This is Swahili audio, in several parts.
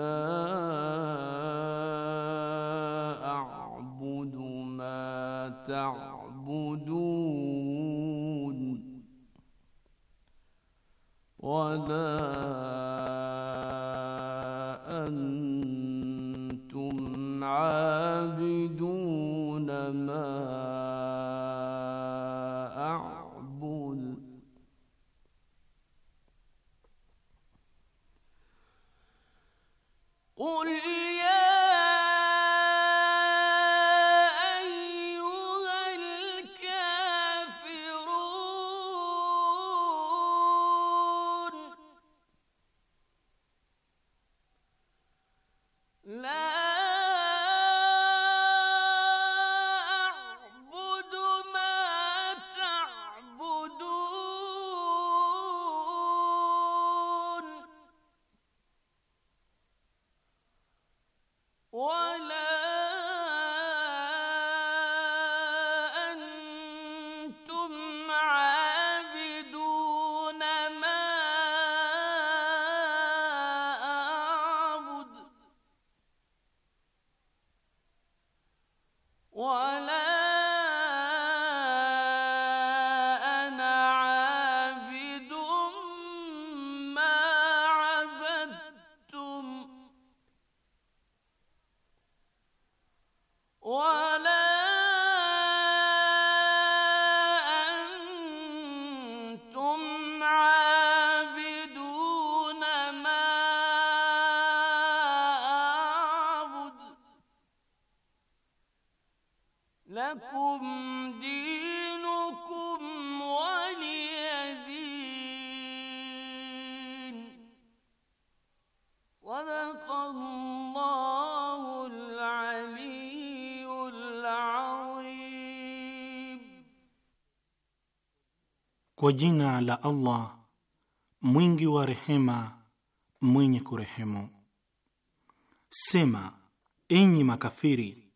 ما One. Kwa jina la Allah mwingi wa rehema, mwenye kurehemu. Sema, enyi makafiri,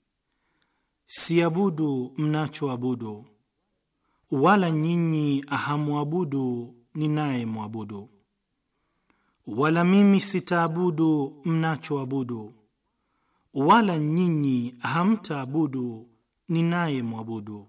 siabudu mnachoabudu, wala nyinyi hamwabudu mwabudu wala mimi sitaabudu mnachoabudu, wala nyinyi hamtaabudu ninayemwabudu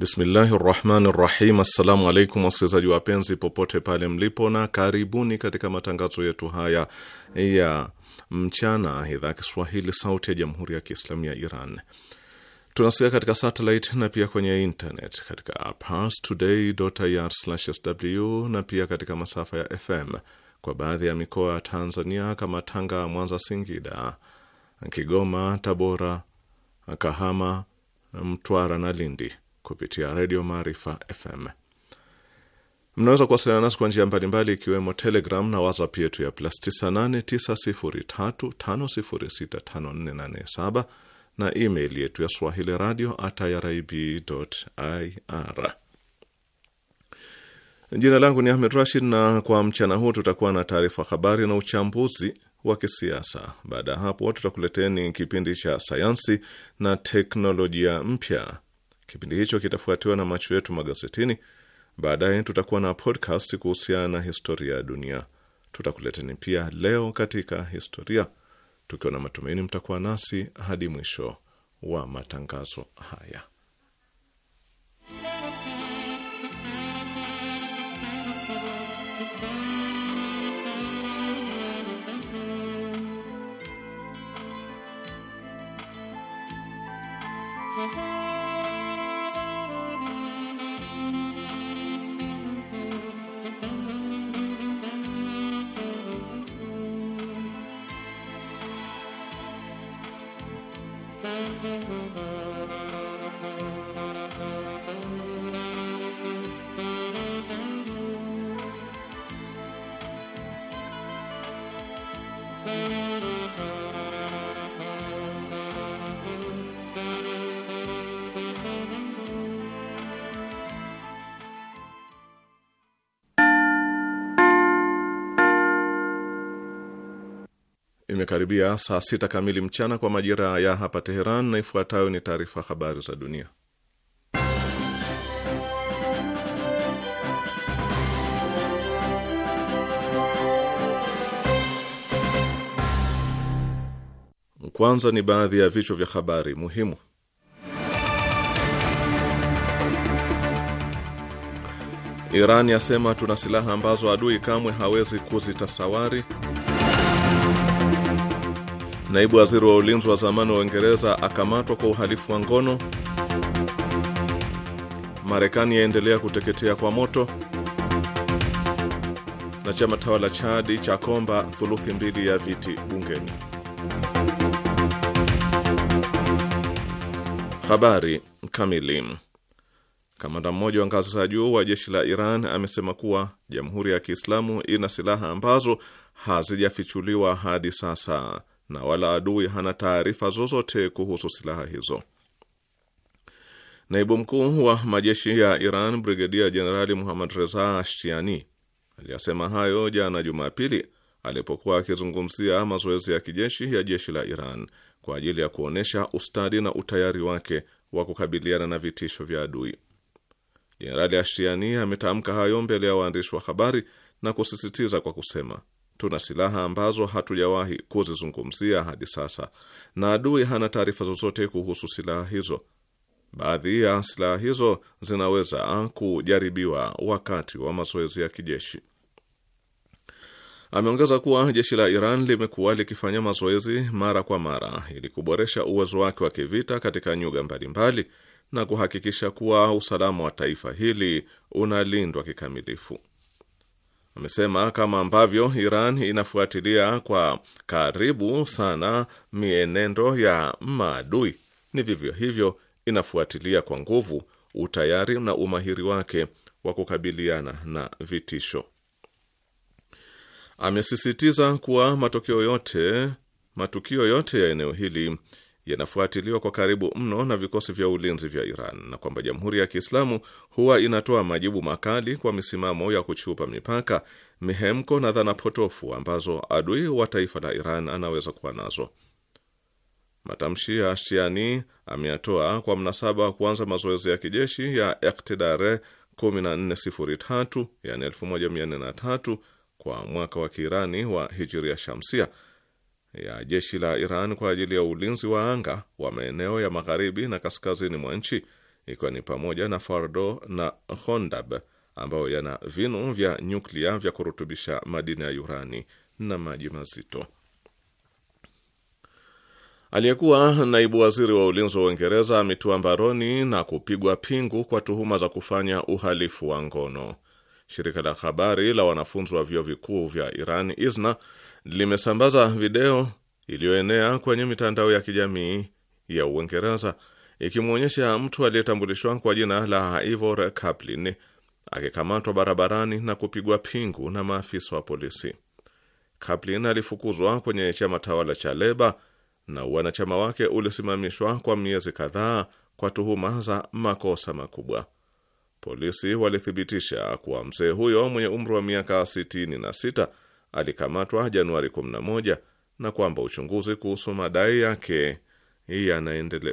Bismillahi rahmani rahim. Assalamu alaikum wasikilizaji wapenzi popote pale mlipo, na karibuni katika matangazo yetu haya ya mchana, idhaa Kiswahili sauti ya jamhuri ya Kiislamu ya Iran. Tunasikia katika satellite na pia kwenye internet katika parstoday.ir/sw na pia katika masafa ya FM kwa baadhi ya mikoa ya Tanzania kama Tanga, Mwanza, Singida, Kigoma, Tabora, Kahama, Mtwara na Lindi kupitia redio Maarifa FM. Mnaweza kuwasiliana nasi kwa njia mbalimbali ikiwemo Telegram na WhatsApp yetu ya plus 989035065487 na email yetu ya swahili radio at irib ir. Jina langu ni Ahmed Rashid, na kwa mchana huu tutakuwa na taarifa habari na uchambuzi wa kisiasa. Baada ya hapo, tutakuleteni kipindi cha sayansi na teknolojia mpya Kipindi hicho kitafuatiwa na macho yetu magazetini. Baadaye tutakuwa na podcast kuhusiana na historia ya dunia. Tutakuleteni pia leo katika historia, tukiwa na matumaini mtakuwa nasi hadi mwisho wa matangazo haya. Música imekaribia saa sita kamili mchana kwa majira ya hapa Teheran, na ifuatayo ni taarifa habari za dunia. Kwanza ni baadhi ya vichwa vya habari muhimu. Iran yasema tuna silaha ambazo adui kamwe hawezi kuzitasawari. Naibu waziri wa ulinzi wa zamani wa Uingereza akamatwa kwa uhalifu wa ngono. Marekani yaendelea kuteketea kwa moto. Na chama tawala Chadi cha komba thuluthi mbili ya viti bungeni. Habari kamili. Kamanda mmoja wa ngazi za juu wa jeshi la Iran amesema kuwa Jamhuri ya Kiislamu ina silaha ambazo hazijafichuliwa hadi sasa na wala adui hana taarifa zozote kuhusu silaha hizo. Naibu mkuu wa majeshi ya Iran Brigedia Jenerali Muhammad Reza Ashtiani aliyasema hayo jana Jumapili alipokuwa akizungumzia mazoezi ya kijeshi ya jeshi la Iran kwa ajili ya kuonyesha ustadi na utayari wake wa kukabiliana na vitisho vya adui. Jenerali Ashtiani ametamka hayo mbele ya waandishi wa habari na kusisitiza kwa kusema Tuna silaha ambazo hatujawahi kuzizungumzia hadi sasa, na adui hana taarifa zozote kuhusu silaha hizo. Baadhi ya silaha hizo zinaweza kujaribiwa wakati wa mazoezi ya kijeshi. Ameongeza kuwa jeshi la Iran limekuwa likifanya mazoezi mara kwa mara ili kuboresha uwezo wake wa kivita katika nyuga mbalimbali na kuhakikisha kuwa usalama wa taifa hili unalindwa kikamilifu. Amesema kama ambavyo Iran inafuatilia kwa karibu sana mienendo ya maadui, ni vivyo hivyo inafuatilia kwa nguvu utayari na umahiri wake wa kukabiliana na vitisho. Amesisitiza kuwa matokeo yote matukio yote ya eneo hili yanafuatiliwa kwa karibu mno na vikosi vya ulinzi vya Iran na kwamba Jamhuri ya Kiislamu huwa inatoa majibu makali kwa misimamo ya kuchupa mipaka, mihemko na dhana potofu ambazo adui wa taifa la Iran anaweza kuwa nazo. Matamshi ya Ashtiani ameyatoa kwa mnasaba wa kuanza mazoezi ya kijeshi ya Ektidare 1403 yani 1403 kwa mwaka wa Kiirani wa Hijiria Shamsia ya jeshi la Iran kwa ajili ya ulinzi wa anga wa maeneo ya magharibi na kaskazini mwa nchi ikiwa ni pamoja na fardo na Hondab ambayo yana vinu vya nyuklia vya kurutubisha madini ya urani na maji mazito. Aliyekuwa naibu waziri wa ulinzi wa Uingereza ametua mbaroni na kupigwa pingu kwa tuhuma za kufanya uhalifu wa ngono. Shirika la habari la wanafunzi wa vyuo vikuu vya Iran ISNA limesambaza video iliyoenea kwenye mitandao ya kijamii ya Uingereza ikimwonyesha mtu aliyetambulishwa kwa jina la Ivor Kaplin akikamatwa barabarani na kupigwa pingu na maafisa wa polisi. Kaplin alifukuzwa kwenye chama tawala cha Leba na wanachama wake ulisimamishwa kwa miezi kadhaa kwa tuhuma za makosa makubwa. Polisi walithibitisha kuwa mzee huyo mwenye umri wa miaka 66 alikamatwa Januari 11 na kwamba uchunguzi kuhusu madai yake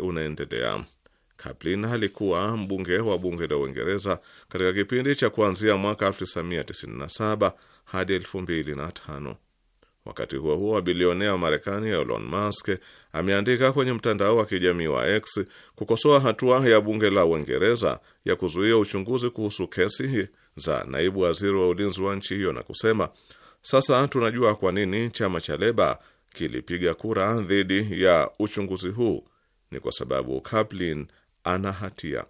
unaendelea. Kaplin alikuwa mbunge wa bunge la Uingereza katika kipindi cha kuanzia mwaka 1997 hadi 2005. Wakati huo huo, bilionea wa Marekani Elon Musk ameandika kwenye mtandao wa kijamii wa X kukosoa hatua ya bunge la Uingereza ya kuzuia uchunguzi kuhusu kesi za naibu waziri wa ulinzi wa nchi hiyo na kusema sasa tunajua kwa nini chama cha Leba kilipiga kura dhidi ya uchunguzi huu. Ni kwa sababu caplin ana hatia.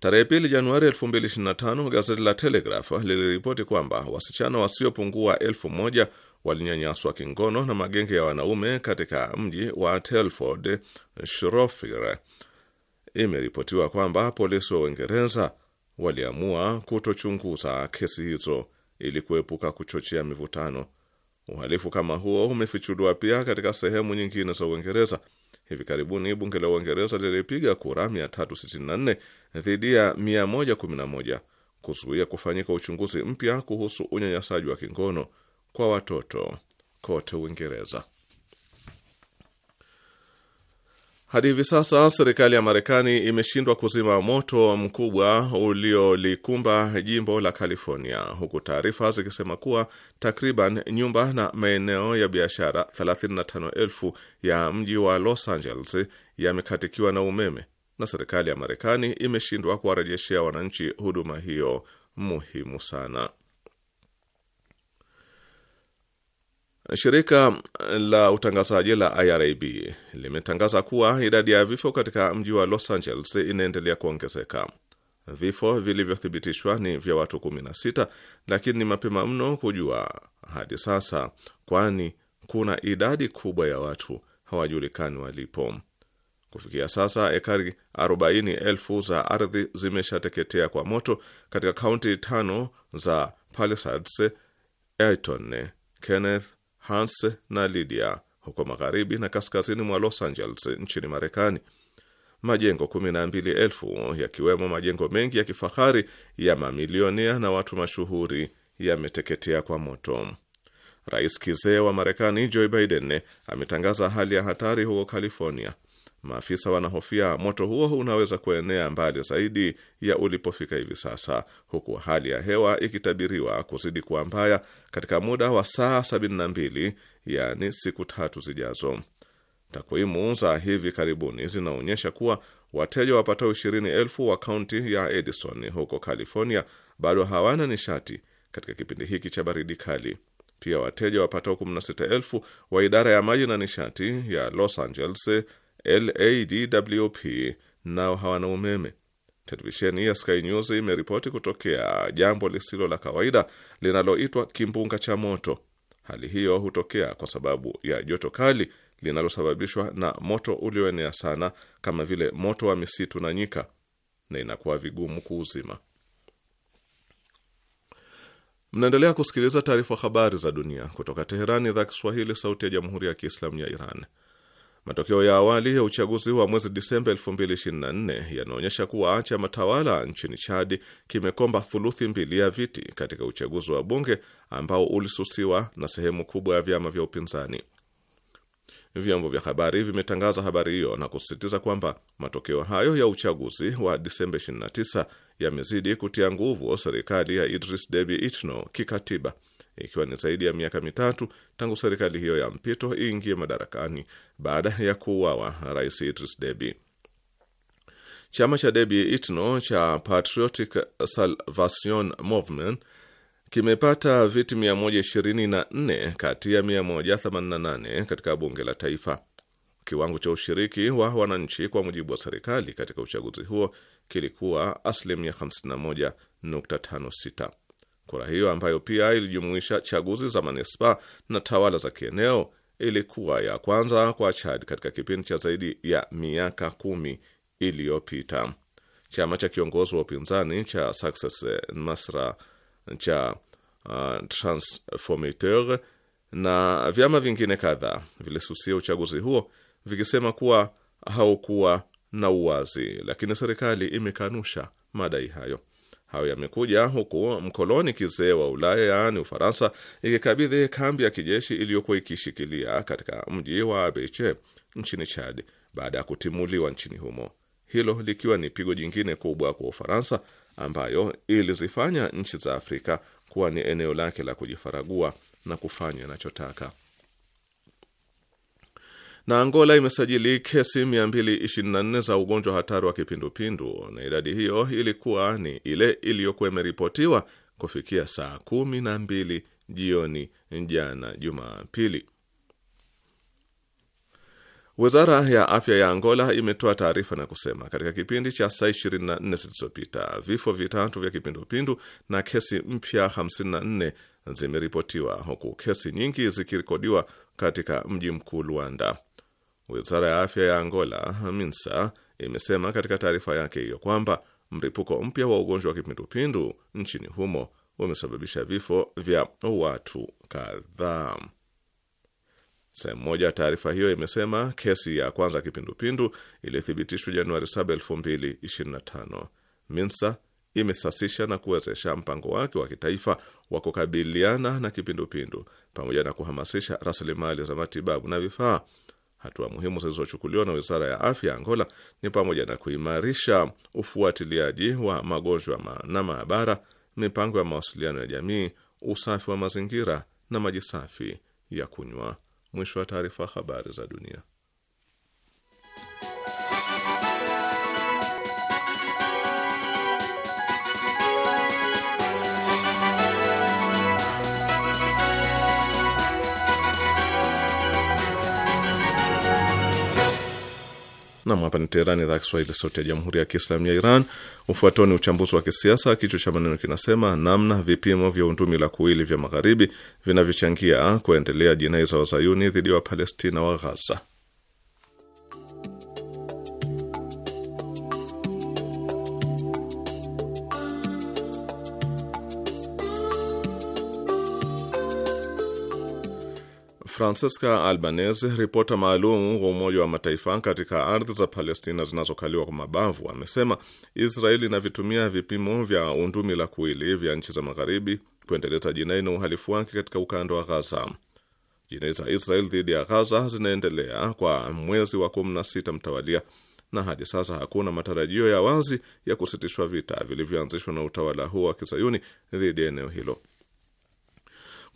Tarehe pili Januari 2025 gazeti la Telegraph liliripoti kwamba wasichana wasiopungua elfu moja walinyanyaswa kingono na magenge ya wanaume katika mji wa Telford Shropshire. Imeripotiwa kwamba polisi wa Uingereza waliamua kutochunguza kesi hizo ili kuepuka kuchochea mivutano. Uhalifu kama huo umefichuliwa pia katika sehemu nyingine za Uingereza. Hivi karibuni bunge la Uingereza lilipiga kura 364 dhidi ya 111 kuzuia kufanyika uchunguzi mpya kuhusu unyanyasaji wa kingono kwa watoto kote Uingereza. Hadi hivi sasa serikali ya Marekani imeshindwa kuzima moto mkubwa uliolikumba jimbo la California, huku taarifa zikisema kuwa takriban nyumba na maeneo ya biashara 35,000 ya mji wa Los Angeles yamekatikiwa na umeme, na serikali ya Marekani imeshindwa kuwarejeshea wananchi huduma hiyo muhimu sana. Shirika la utangazaji la IRIB limetangaza kuwa idadi ya vifo katika mji wa Los Angeles inaendelea kuongezeka. Vifo vilivyothibitishwa ni vya watu 16 lakini ni mapema mno kujua hadi sasa, kwani kuna idadi kubwa ya watu hawajulikani walipo. Kufikia sasa ekari 40,000 za ardhi zimeshateketea kwa moto katika kaunti tano za Palisades, Elton, Kenneth Hans na Lydia huko magharibi na kaskazini mwa Los Angeles nchini Marekani. Majengo kumi na mbili elfu yakiwemo majengo mengi ya kifahari ya mamilionia na watu mashuhuri yameteketea kwa moto. Rais kizee wa Marekani Joe Biden ametangaza hali ya hatari huko California Maafisa wanahofia moto huo unaweza kuenea mbali zaidi ya ulipofika hivi sasa, huku hali ya hewa ikitabiriwa kuzidi kuwa mbaya katika muda wa saa 72 yaani siku tatu zijazo. Takwimu za hivi karibuni zinaonyesha kuwa wateja wapatao ishirini elfu wa kaunti ya Edison huko California bado hawana nishati katika kipindi hiki cha baridi kali. Pia wateja wapatao 16 wa idara ya maji na nishati ya Los Angeles LADWP nao hawana umeme. Televisheni ya Sky News imeripoti kutokea jambo lisilo la kawaida linaloitwa kimbunga cha moto. Hali hiyo hutokea kwa sababu ya joto kali linalosababishwa na moto ulioenea sana kama vile moto wa misitu na nyika, na inakuwa vigumu kuuzima. Mnaendelea kusikiliza taarifa habari za dunia kutoka Teherani, idhaa Kiswahili, sauti ya jamhuri ya kiislamu ya Iran. Matokeo ya awali ya uchaguzi wa mwezi Disemba 2024 yanaonyesha kuwa chama tawala nchini chadi kimekomba thuluthi mbili ya viti katika uchaguzi wa bunge ambao ulisusiwa na sehemu kubwa ya vyama vya upinzani. Vyombo vya habari vimetangaza habari hiyo na kusisitiza kwamba matokeo hayo ya uchaguzi wa Disemba 29 yamezidi kutia nguvu serikali ya Idris Deby Itno kikatiba ikiwa ni zaidi ya miaka mitatu tangu serikali hiyo ya mpito iingie madarakani baada ya kuuawa Rais Idris Deby. Chama cha Deby Itno cha Patriotic Salvation Movement kimepata viti 124 kati ya 188 katika bunge la taifa. Kiwango cha ushiriki wa wananchi kwa mujibu wa serikali katika uchaguzi huo kilikuwa asilimia 51.56. Kura hiyo ambayo pia ilijumuisha chaguzi za manispa na tawala za kieneo ilikuwa ya kwanza kwa Chad katika kipindi cha zaidi ya miaka kumi iliyopita. Chama cha kiongozi wa upinzani cha Success Masra cha uh, Transformateur na vyama vingine kadhaa vilisusia uchaguzi huo vikisema kuwa haukuwa na uwazi, lakini serikali imekanusha madai hayo. Hayo yamekuja huku mkoloni kizee wa Ulaya yaani Ufaransa ikikabidhi kambi ya kijeshi iliyokuwa ikishikilia katika mji wa Abeche nchini Chad baada ya kutimuliwa nchini humo, hilo likiwa ni pigo jingine kubwa kwa Ufaransa ambayo ilizifanya nchi za Afrika kuwa ni eneo lake la kujifaragua na kufanya inachotaka na Angola imesajili kesi 224 za ugonjwa hatari wa kipindupindu na idadi hiyo ilikuwa ni ile iliyokuwa imeripotiwa kufikia saa kumi na mbili jioni jana Jumapili. Wizara ya afya ya Angola imetoa taarifa na kusema katika kipindi cha saa 24 zilizopita vifo vitatu vya kipindupindu na kesi mpya 54 zimeripotiwa huku kesi nyingi zikirekodiwa katika mji mkuu Luanda. Wizara ya afya ya Angola, MINSA, imesema katika taarifa yake hiyo kwamba mlipuko mpya wa ugonjwa wa kipindupindu nchini humo umesababisha vifo vya watu kadhaa. Sehemu moja ya taarifa hiyo imesema kesi ya kwanza kipindupindu ilithibitishwa Januari 7, 2025. MINSA imesasisha na kuwezesha mpango wake wa kitaifa wa kukabiliana na kipindupindu pamoja na kuhamasisha rasilimali za matibabu na vifaa Hatua muhimu zilizochukuliwa na wizara ya afya ya Angola ni pamoja na kuimarisha ufuatiliaji wa magonjwa na maabara, mipango ya mawasiliano ya jamii, usafi wa mazingira na maji safi ya kunywa. Mwisho wa taarifa. Habari za dunia. Nam, hapa ni Teherani, idhaa Kiswahili, sauti ya jamhuri ya kiislamu ya Iran. Ufuatao ni uchambuzi wa kisiasa, kichwa cha maneno kinasema namna vipimo vya undumi la kuwili vya magharibi vinavyochangia kuendelea jinai za wazayuni dhidi ya wapalestina wa Ghaza. Francesca Albanese, ripota maalum wa Umoja wa Mataifa katika ardhi za Palestina zinazokaliwa kwa mabavu, amesema Israeli inavitumia vipimo vya undumi la kuili vya nchi za magharibi kuendeleza jinai na uhalifu wake katika ukanda wa Ghaza. Jinai za Israel dhidi ya Ghaza zinaendelea kwa mwezi wa sita mtawalia na hadi sasa hakuna matarajio ya wazi ya kusitishwa vita vilivyoanzishwa na utawala huo wa kizayuni dhidi ya eneo hilo.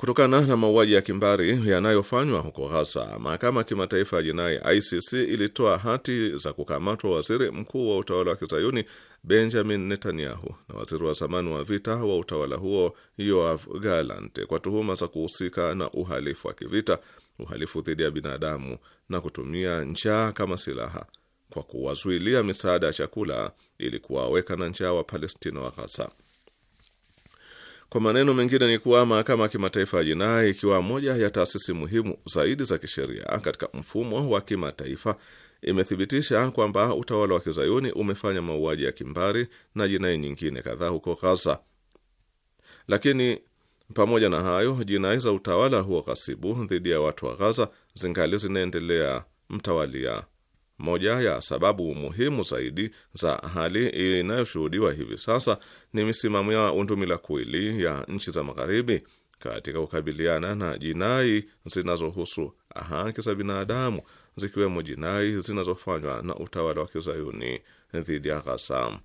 Kutokana na mauaji ya kimbari yanayofanywa huko Ghaza, mahakama ya kimataifa ya jinai ICC ilitoa hati za kukamatwa waziri mkuu wa utawala wa kizayuni Benjamin Netanyahu na waziri wa zamani wa vita wa utawala huo Yoav Gallant kwa tuhuma za kuhusika na uhalifu wa kivita, uhalifu dhidi ya binadamu na kutumia njaa kama silaha kwa kuwazuilia misaada ya chakula ili kuwaweka na njaa wa Palestina wa Ghaza. Kwa maneno mengine ni kuwa mahakama ya kimataifa ya jinai, ikiwa moja ya taasisi muhimu zaidi za kisheria katika mfumo wa kimataifa, imethibitisha kwamba utawala wa kizayuni umefanya mauaji ya kimbari na jinai nyingine kadhaa huko ghaza Lakini pamoja na hayo, jinai za utawala huo ghasibu dhidi ya watu wa ghaza zingali zinaendelea mtawalia moja ya sababu muhimu zaidi za hali inayoshuhudiwa hivi sasa ni misimamo ya undumila kuili ya nchi za Magharibi katika kukabiliana na jinai zinazohusu haki za binadamu zikiwemo jinai zinazofanywa na utawala wa kizayuni dhidi ya Ghaza.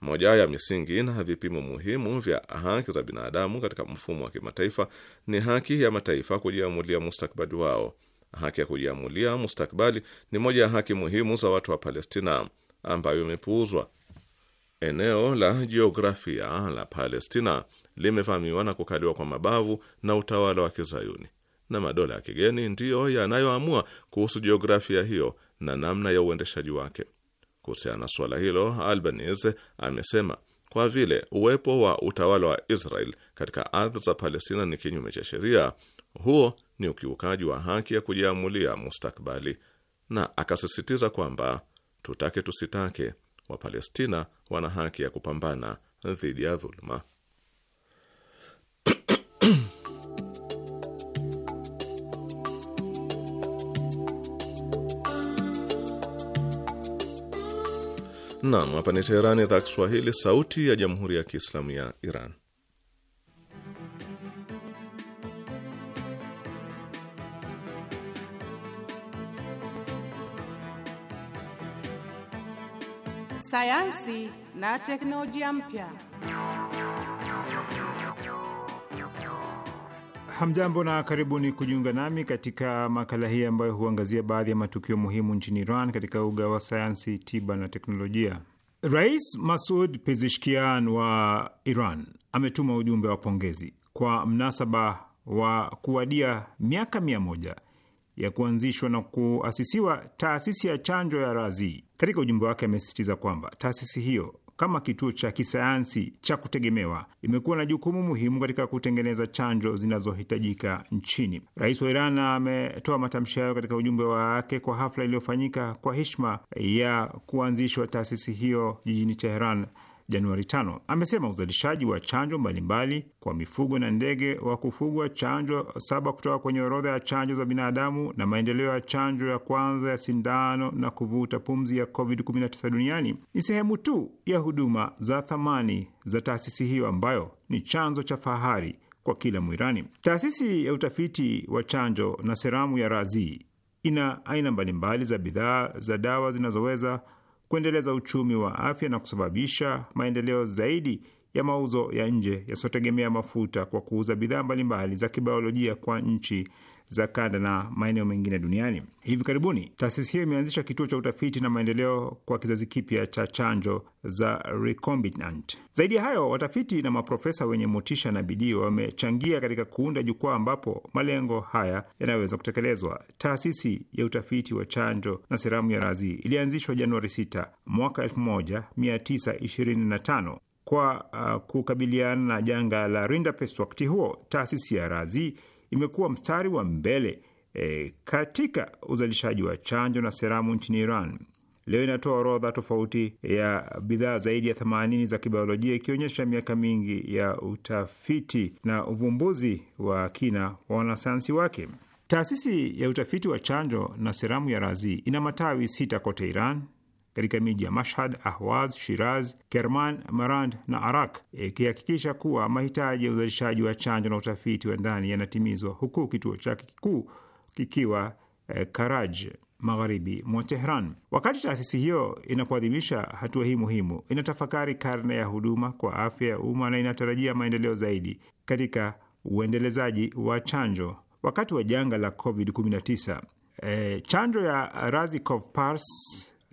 Moja ya misingi na vipimo muhimu vya haki za binadamu katika mfumo wa kimataifa ni haki ya mataifa kujiamulia mustakabali wao Haki ya kujiamulia mustakbali ni moja ya haki muhimu za watu wa Palestina ambayo imepuuzwa. Eneo la jiografia la Palestina limevamiwa na kukaliwa kwa mabavu na utawala wa Kizayuni, na madola ya kigeni ndiyo yanayoamua kuhusu jiografia hiyo na namna ya uendeshaji wake. Kuhusiana na suala hilo, Albanese amesema kwa vile uwepo wa utawala wa Israel katika ardhi za Palestina ni kinyume cha sheria, huo ni ukiukaji wa haki ya kujiamulia mustakbali, na akasisitiza kwamba tutake tusitake, Wapalestina wana haki ya kupambana dhidi ya dhuluma. Naam, hapa ni Teherani, idhaa Kiswahili, sauti ya jamhuri ya kiislamu ya Iran. sayansi na teknolojia mpya. Hamjambo na karibuni kujiunga nami katika makala hii ambayo huangazia baadhi ya matukio muhimu nchini Iran katika uga wa sayansi, tiba na teknolojia. Rais Masud Pezeshkian wa Iran ametuma ujumbe wa pongezi kwa mnasaba wa kuwadia miaka mia moja ya kuanzishwa na kuasisiwa taasisi ya chanjo ya Razi. Katika ujumbe wake amesisitiza kwamba taasisi hiyo kama kituo cha kisayansi cha kutegemewa imekuwa na jukumu muhimu katika kutengeneza chanjo zinazohitajika nchini. Rais wa Iran ametoa matamshi hayo katika ujumbe wake kwa hafla iliyofanyika kwa heshima ya kuanzishwa taasisi hiyo jijini Teheran Januari tano. Amesema uzalishaji wa chanjo mbalimbali kwa mifugo na ndege wa kufugwa, chanjo saba kutoka kwenye orodha ya chanjo za binadamu na maendeleo ya chanjo ya kwanza ya sindano na kuvuta pumzi ya COVID-19 duniani ni sehemu tu ya huduma za thamani za taasisi hiyo ambayo ni chanzo cha fahari kwa kila Mwirani. Taasisi ya utafiti wa chanjo na seramu ya Razi ina aina mbalimbali za bidhaa za dawa zinazoweza kuendeleza uchumi wa afya na kusababisha maendeleo zaidi ya mauzo ya nje yasiyotegemea mafuta kwa kuuza bidhaa mbalimbali za kibiolojia kwa nchi za kanda na maeneo mengine duniani. Hivi karibuni taasisi hiyo imeanzisha kituo cha utafiti na maendeleo kwa kizazi kipya cha chanjo za recombinant. Zaidi ya hayo, watafiti na maprofesa wenye motisha na bidii wamechangia katika kuunda jukwaa ambapo malengo haya yanaweza kutekelezwa. Taasisi ya utafiti wa chanjo na seramu ya Razi ilianzishwa Januari 6 mwaka 1925 kwa uh, kukabiliana na janga la Rinderpest. Wakati huo taasisi ya Razi imekuwa mstari wa mbele e, katika uzalishaji wa chanjo na seramu nchini Iran. Leo inatoa orodha tofauti ya bidhaa zaidi ya 80 za kibiolojia ikionyesha miaka mingi ya utafiti na uvumbuzi wa kina wa wanasayansi wake. Taasisi ya utafiti wa chanjo na seramu ya Razi ina matawi sita kote Iran katika miji ya Mashhad, Ahwaz, Shiraz, Kerman, Marand na Arak, ikihakikisha kuwa mahitaji ya uzalishaji wa chanjo na utafiti wa ndani yanatimizwa, huku kituo chake kikuu kikiwa e, Karaj magharibi mwa Tehran. Wakati taasisi hiyo inapoadhimisha hatua hii muhimu, inatafakari karne ya huduma kwa afya ya umma na inatarajia maendeleo zaidi katika uendelezaji wa chanjo. Wakati wa janga la COVID-19, e, chanjo ya Razicov Pars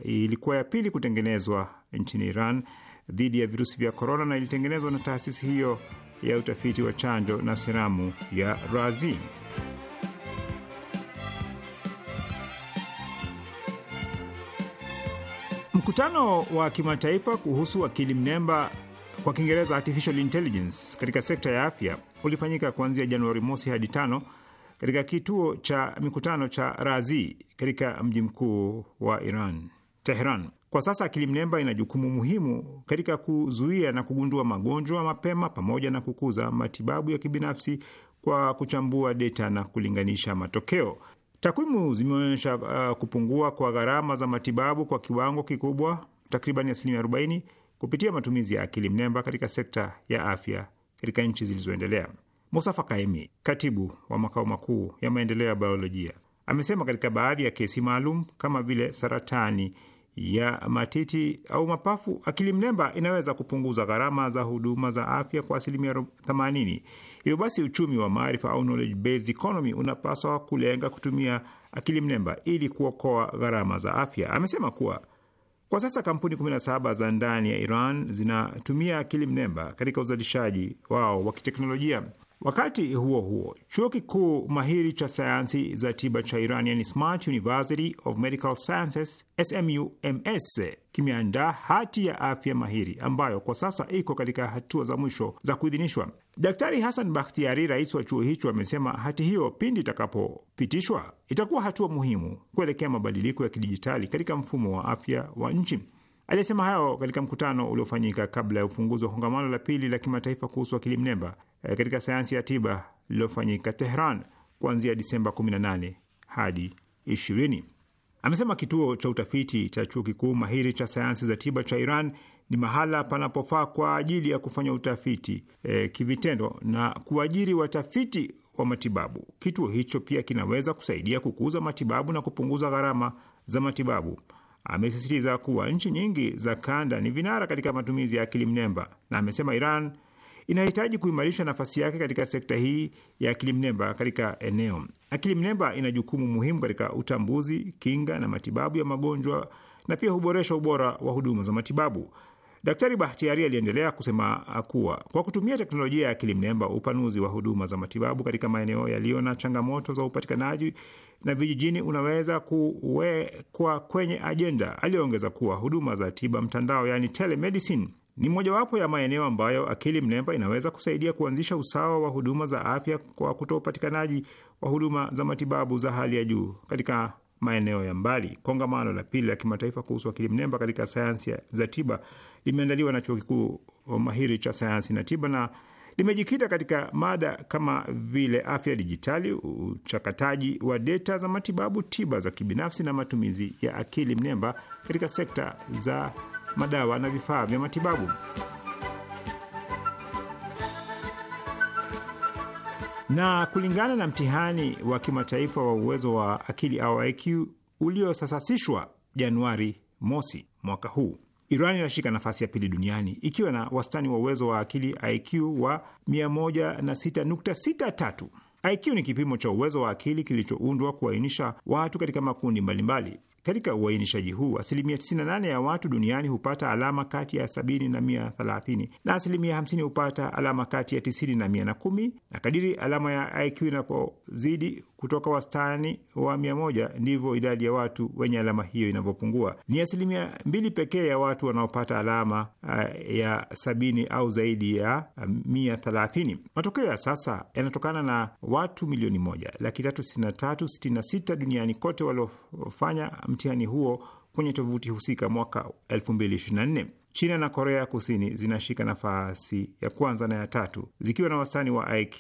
ilikuwa ya pili kutengenezwa nchini Iran dhidi ya virusi vya korona na ilitengenezwa na taasisi hiyo ya utafiti wa chanjo na seramu ya Razi. Mkutano wa kimataifa kuhusu akili mnemba kwa Kiingereza artificial intelligence katika sekta ya afya ulifanyika kuanzia Januari mosi hadi tano katika kituo cha mikutano cha Razi katika mji mkuu wa Iran. Teheran. Kwa sasa akili mnemba ina jukumu muhimu katika kuzuia na kugundua magonjwa mapema pamoja na kukuza matibabu ya kibinafsi kwa kuchambua data na kulinganisha matokeo. Takwimu zimeonyesha uh, kupungua kwa gharama za matibabu kwa kiwango kikubwa, takriban asilimia 40, kupitia matumizi ya akili mnemba katika sekta ya afya katika nchi zilizoendelea. Mustafa Kaimi, katibu wa makao makuu ya maendeleo ya biolojia Amesema katika baadhi ya kesi maalum kama vile saratani ya matiti au mapafu, akili mnemba inaweza kupunguza gharama za huduma za afya kwa asilimia 80. Hivyo basi, uchumi wa maarifa au knowledge based economy unapaswa kulenga kutumia akili mnemba ili kuokoa gharama za afya. Amesema kuwa kwa sasa kampuni 17 za ndani ya Iran zinatumia akili mnemba katika uzalishaji wao wa kiteknolojia. Wakati huo huo, chuo kikuu mahiri cha sayansi za tiba cha Iran, yani Smart University of Medical Sciences SMUMS, kimeandaa hati ya afya mahiri ambayo kwa sasa iko katika hatua za mwisho za kuidhinishwa. Daktari Hassan Bakhtiari, rais wa chuo hicho, amesema hati hiyo pindi itakapopitishwa itakuwa hatua muhimu kuelekea mabadiliko ya kidijitali katika mfumo wa afya wa nchi. Aliyesema hayo katika mkutano uliofanyika kabla ya ufunguzi wa kongamano la pili la kimataifa kuhusu akili mnemba Eh, katika sayansi ya tiba lililofanyika Tehran kuanzia Disemba 18 hadi 20. Amesema kituo cha utafiti cha chuo kikuu mahiri cha sayansi za tiba cha Iran ni mahala panapofaa kwa ajili ya kufanya utafiti e, kivitendo na kuajiri watafiti wa matibabu. Kituo hicho pia kinaweza kusaidia kukuza matibabu na kupunguza gharama za matibabu. Amesisitiza kuwa nchi nyingi za kanda ni vinara katika matumizi ya akili mnemba, na amesema Iran inahitaji kuimarisha nafasi yake katika sekta hii ya akili mnemba katika eneo. Akili mnemba ina jukumu muhimu katika utambuzi, kinga na matibabu ya magonjwa na pia huboresha ubora wa huduma za matibabu. Daktari Bahtiari aliendelea kusema kuwa kwa kutumia teknolojia ya akili mnemba, upanuzi wa huduma za matibabu katika maeneo yaliyo na changamoto za upatikanaji na vijijini unaweza kuwekwa kwenye ajenda. Aliongeza kuwa huduma za tiba mtandao, yani telemedicine ni mojawapo ya maeneo ambayo akili mnemba inaweza kusaidia kuanzisha usawa wa huduma za afya kwa kutoa upatikanaji wa huduma za matibabu za hali ya juu katika maeneo ya mbali. Kongamano la pili la kimataifa kuhusu akili mnemba katika sayansi za tiba limeandaliwa na chuo kikuu mahiri cha sayansi na tiba na limejikita katika mada kama vile afya dijitali, uchakataji wa data za matibabu, tiba za kibinafsi na matumizi ya akili mnemba katika sekta za madawa na vifaa vya matibabu. Na kulingana na mtihani wa kimataifa wa uwezo wa akili au IQ uliosasasishwa Januari mosi mwaka huu, Iran inashika nafasi ya pili duniani ikiwa na wastani wa uwezo wa akili IQ wa 106.63. IQ ni kipimo cha uwezo wa akili kilichoundwa kuainisha watu katika makundi mbalimbali. Katika uainishaji huu asilimia 98 ya watu duniani hupata alama kati ya 70 na 130 na asilimia 50 hupata alama kati ya 90 na 110, na kadiri alama ya IQ inapozidi kutoka wastani wa mia moja ndivyo idadi ya watu wenye alama hiyo inavyopungua. Ni asilimia mbili pekee ya watu wanaopata alama uh, ya sabini au zaidi ya eh, mia thelathini. Matokeo ya sasa yanatokana na watu milioni moja laki tatu sitini na tatu sitini na sita duniani kote waliofanya mtihani huo kwenye tovuti husika mwaka 2024. China na Korea Kusini zinashika nafasi ya kwanza na ya tatu zikiwa na wastani wa IQ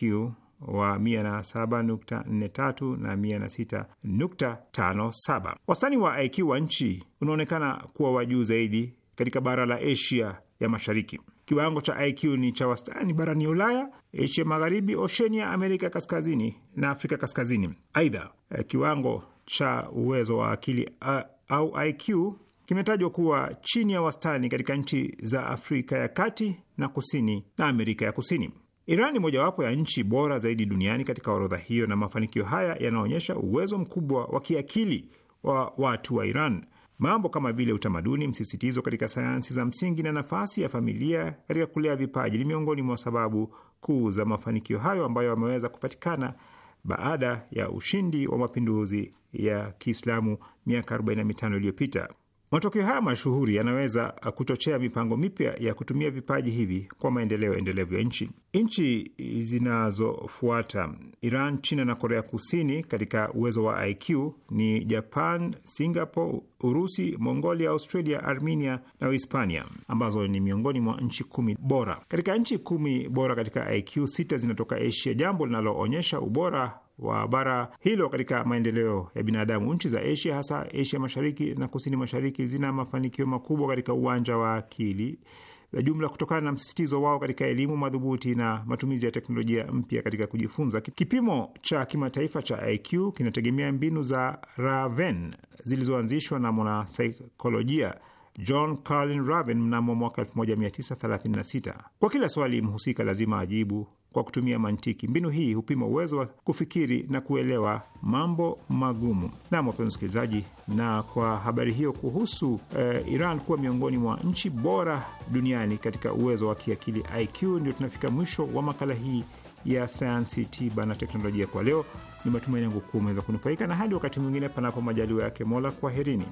wa 107.43 na 106.57. Wastani wa IQ wa nchi unaonekana kuwa wa juu zaidi katika bara la Asia ya Mashariki. Kiwango cha IQ ni cha wastani barani Ulaya, Asia Magharibi, Oshenia, Amerika Kaskazini na Afrika Kaskazini. Aidha, eh, kiwango cha uwezo wa akili uh, au IQ kimetajwa kuwa chini ya wastani katika nchi za Afrika ya Kati na Kusini na Amerika ya Kusini. Iran ni mojawapo ya nchi bora zaidi duniani katika orodha hiyo, na mafanikio haya yanaonyesha uwezo mkubwa wa kiakili wa watu wa Iran. Mambo kama vile utamaduni, msisitizo katika sayansi za msingi na nafasi ya familia katika kulea vipaji ni miongoni mwa sababu kuu za mafanikio hayo ambayo yameweza kupatikana baada ya ushindi wa mapinduzi ya Kiislamu miaka 45 iliyopita. Matokeo haya mashuhuri yanaweza kuchochea mipango mipya ya kutumia vipaji hivi kwa maendeleo endelevu ya nchi. Nchi zinazofuata Iran, China na Korea Kusini katika uwezo wa IQ ni Japan, Singapore, Urusi, Mongolia, Australia, Armenia na Uhispania, ambazo ni miongoni mwa nchi kumi bora. Katika nchi kumi bora katika IQ, sita zinatoka Asia, jambo linaloonyesha ubora wa bara hilo katika maendeleo ya binadamu. Nchi za Asia, hasa Asia mashariki na kusini mashariki, zina mafanikio makubwa katika uwanja wa akili za jumla kutokana na msisitizo wao katika elimu madhubuti na matumizi ya teknolojia mpya katika kujifunza. Kipimo cha kimataifa cha IQ kinategemea mbinu za Raven zilizoanzishwa na mwanasaikolojia John Carlin Raven mnamo mwaka 1936. Kwa kila swali mhusika lazima ajibu kwa kutumia mantiki. Mbinu hii hupima uwezo wa kufikiri na kuelewa mambo magumu. Nam, wapenzi msikilizaji, na kwa habari hiyo kuhusu eh, Iran kuwa miongoni mwa nchi bora duniani katika uwezo wa kiakili IQ, ndio tunafika mwisho wa makala hii ya sayansi, tiba na teknolojia kwa leo. Ni matumaini yangu kuwa umeweza kunufaika, na hadi wakati mwingine, panapo majaliwa yake Mola, kwaherini.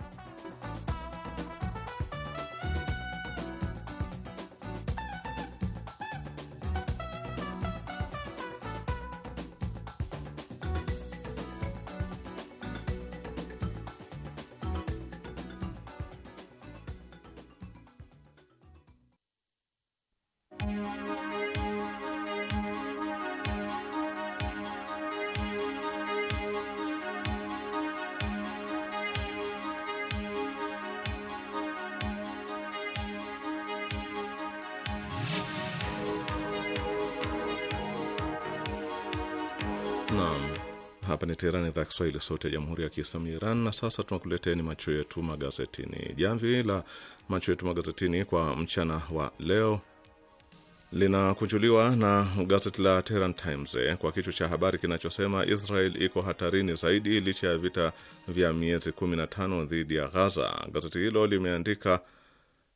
Teherani, idhaa ya Kiswahili, sauti ya jamhuri ya kiislamu ya Iran. Na sasa tunakuleteni macho yetu magazetini. Jamvi la macho yetu magazetini kwa mchana wa leo linakunjuliwa na gazeti la Tehran Times eh, kwa kichwa cha habari kinachosema Israel iko hatarini zaidi licha ya vita vya miezi 15 dhidi ya Ghaza. Gazeti hilo limeandika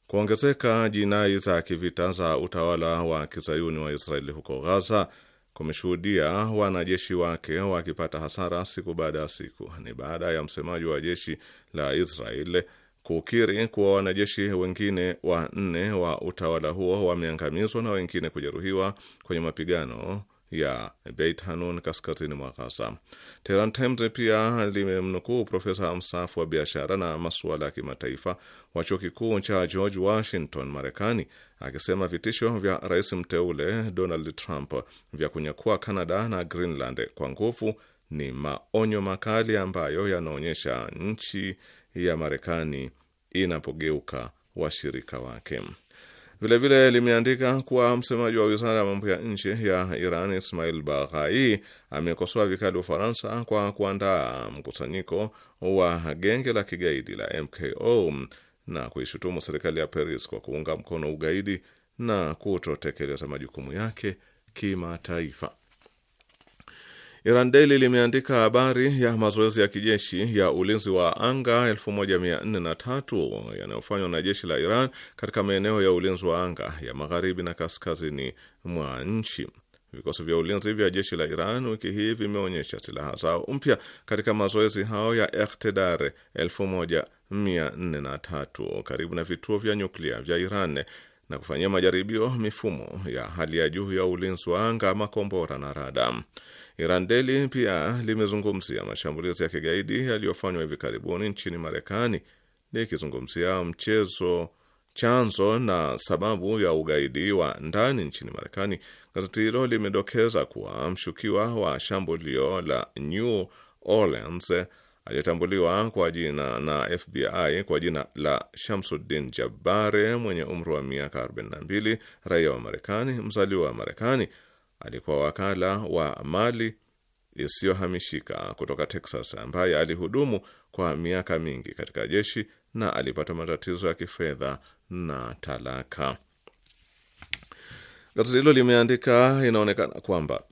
kuongezeka jinai za kivita za utawala wa kizayuni wa Israeli huko Ghaza kumeshuhudia wanajeshi wake wakipata hasara siku baada ya siku. Ni baada ya msemaji wa jeshi la Israel kukiri kuwa wanajeshi wengine wanne wa utawala huo wameangamizwa na wengine kujeruhiwa kwenye mapigano ya Beit Hanun kaskazini mwa Ghaza. Tehran Times pia limemnukuu profesa msafu wa biashara na masuala ya kimataifa wa chuo kikuu cha George Washington Marekani akisema vitisho vya rais mteule Donald Trump vya kunyakua Canada na Greenland kwa nguvu ni maonyo makali ambayo yanaonyesha nchi ya Marekani inapogeuka washirika wake. Vilevile limeandika kuwa msemaji wa wizara ya mambo ya nje ya Iran Ismail Baghai amekosoa vikali Ufaransa kwa kuandaa mkusanyiko wa genge la kigaidi la MKO na kuishutumu serikali ya Paris kwa kuunga mkono ugaidi na kutotekeleza majukumu yake kimataifa. Iran Daily limeandika habari ya mazoezi ya kijeshi ya ulinzi wa anga 1403 yanayofanywa na jeshi la Iran katika maeneo ya ulinzi wa anga ya magharibi na kaskazini mwa nchi. Vikosi vya ulinzi vya jeshi la Iran wiki hii vimeonyesha silaha zao mpya katika mazoezi hao ya Ekhtedar 1403 karibu na vituo vya nyuklia vya Iran na kufanyia majaribio mifumo ya hali ya juu ya ulinzi wa anga, makombora na rada. Irandeli pia limezungumzia mashambulizi ya kigaidi yaliyofanywa hivi karibuni nchini Marekani, likizungumzia mchezo chanzo na sababu ya ugaidi wa ndani nchini Marekani. Gazeti hilo limedokeza kuwa mshukiwa wa shambulio la New Orleans aliyetambuliwa kwa jina na FBI kwa jina la Shamsuddin Jabbare mwenye umri wa miaka 42, raia wa Marekani, mzaliwa wa Marekani alikuwa wakala wa mali isiyohamishika kutoka Texas ambaye alihudumu kwa miaka mingi katika jeshi na alipata matatizo ya kifedha na talaka. Gazeti hilo limeandika, inaonekana kwamba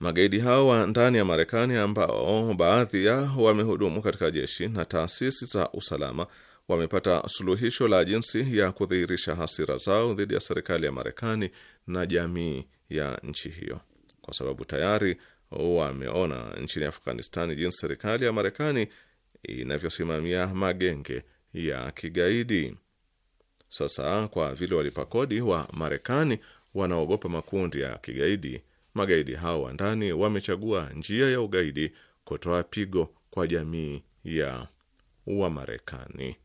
magaidi hao wa ndani ya Marekani ambao baadhi yao wamehudumu katika jeshi na taasisi za usalama wamepata suluhisho la jinsi ya kudhihirisha hasira zao dhidi ya serikali ya Marekani na jamii ya nchi hiyo, kwa sababu tayari wameona nchini Afghanistani jinsi serikali ya Marekani inavyosimamia magenge ya kigaidi. Sasa kwa vile walipa kodi wa Marekani wanaogopa makundi ya kigaidi, magaidi hao wa ndani wamechagua njia ya ugaidi kutoa pigo kwa jamii ya Wamarekani.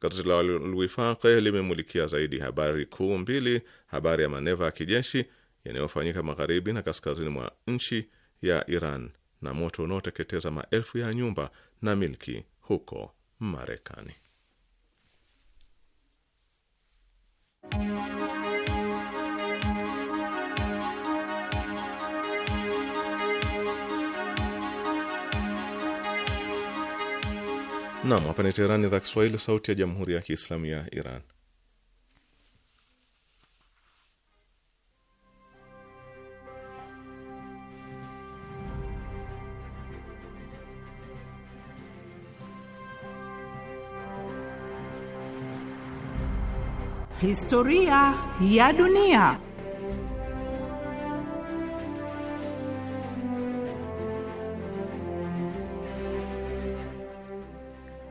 Gazeti la Al-Wifaq limemulikia zaidi habari kuu mbili: habari ya maneva ya kijeshi yanayofanyika magharibi na kaskazini mwa nchi ya Iran na moto unaoteketeza maelfu ya nyumba na milki huko Marekani. Nam, hapa ni Teherani, idhaa Kiswahili, sauti ya jamhuri ya kiislamu ya Iran. Historia ya dunia.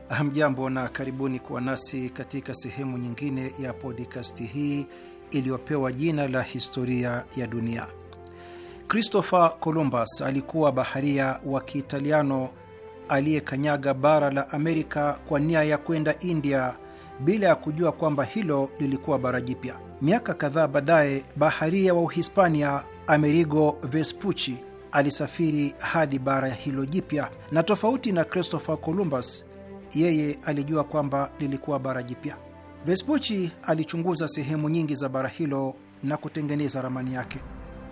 Hamjambo na karibuni kuwa nasi katika sehemu nyingine ya podikasti hii iliyopewa jina la Historia ya Dunia. Christopher Columbus alikuwa baharia wa Kiitaliano aliyekanyaga bara la Amerika kwa nia ya kwenda India bila ya kujua kwamba hilo lilikuwa bara jipya. Miaka kadhaa baadaye, baharia wa Uhispania Amerigo Vespucci alisafiri hadi bara hilo jipya, na tofauti na Christopher Columbus, yeye alijua kwamba lilikuwa bara jipya. Vespucci alichunguza sehemu nyingi za bara hilo na kutengeneza ramani yake.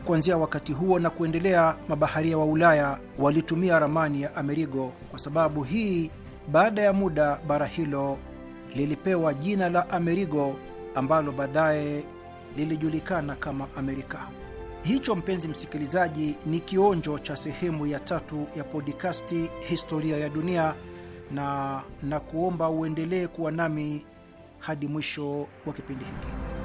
Kuanzia wakati huo na kuendelea, mabaharia wa Ulaya walitumia ramani ya Amerigo kwa sababu hii, baada ya muda, bara hilo lilipewa jina la Amerigo ambalo baadaye lilijulikana kama Amerika. Hicho mpenzi msikilizaji, ni kionjo cha sehemu ya tatu ya podikasti Historia ya Dunia, na na kuomba uendelee kuwa nami hadi mwisho wa kipindi hiki.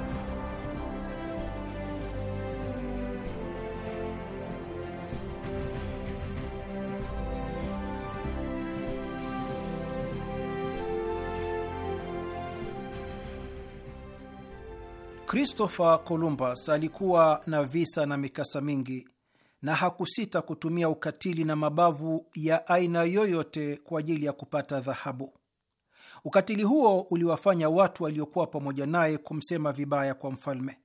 Christopher Columbus alikuwa na visa na mikasa mingi na hakusita kutumia ukatili na mabavu ya aina yoyote kwa ajili ya kupata dhahabu. Ukatili huo uliwafanya watu waliokuwa pamoja naye kumsema vibaya kwa mfalme.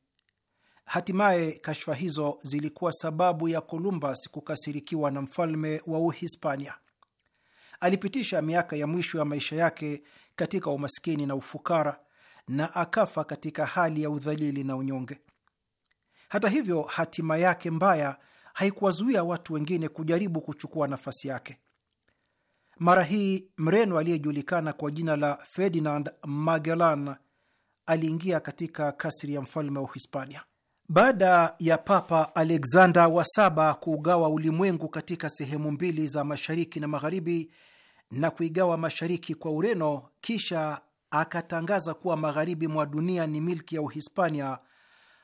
Hatimaye kashfa hizo zilikuwa sababu ya Columbus kukasirikiwa na mfalme wa Uhispania. Alipitisha miaka ya mwisho ya maisha yake katika umaskini na ufukara na akafa katika hali ya udhalili na unyonge. Hata hivyo, hatima yake mbaya haikuwazuia watu wengine kujaribu kuchukua nafasi yake. Mara hii Mreno aliyejulikana kwa jina la Ferdinand Magellan aliingia katika kasri ya mfalme wa Uhispania. Baada ya Papa Alexander wa saba kuugawa ulimwengu katika sehemu mbili za mashariki na magharibi na kuigawa mashariki kwa Ureno, kisha akatangaza kuwa magharibi mwa dunia ni milki ya Uhispania,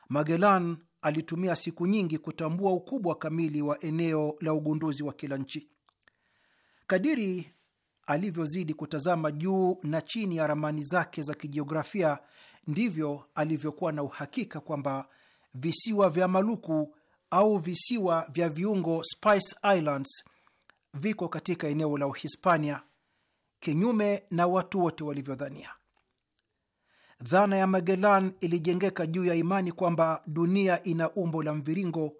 Magellan alitumia siku nyingi kutambua ukubwa kamili wa eneo la ugunduzi wa kila nchi. Kadiri alivyozidi kutazama juu na chini ya ramani zake za kijiografia, ndivyo alivyokuwa na uhakika kwamba visiwa vya Maluku au visiwa vya viungo Spice Islands viko katika eneo la Uhispania kinyume na watu wote walivyodhania. Dhana ya Magellan ilijengeka juu ya imani kwamba dunia ina umbo la mviringo,